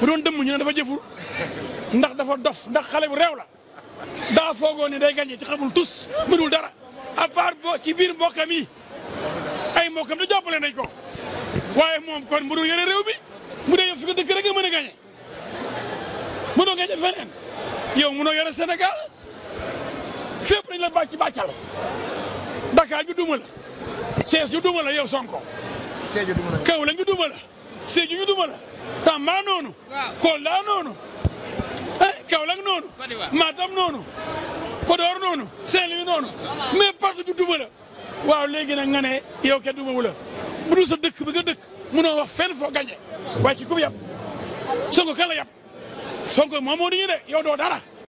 bu doon dëmm ñu ne dafa jëfur ndax dafa dof ndax xale bu réew la daa foogoo ne day gagné ci xamul tus mënul dara à ci biir mbokkam yi ay mbokkam da jàppale nañ ko waaye moom kon mu dul yore réew mi mu dee yow fi ko dëkk rek nga mën a gagné mënoo feneen yow mënoo yore senegal fépp dañ la bàcc bàccal Dakar ju duma la Thiès ju duma la Sonko Kaolack ju duma Sédhiou ñu duma la Tamba noonu. waaw Kolda noonu. eh Kaolack noonu. Matam noonu. Podor noonu. Saint-Louis noonu. mais partout duma la. waaw léegi nag nga ne yow kenn duma wu la bu dul sa dëkk bi nga dëkk mënoo wax fenn foo gañe waaye ci ku mu yàpp Sonko kan la yàpp Sonko moo di ñu de yow doo dara.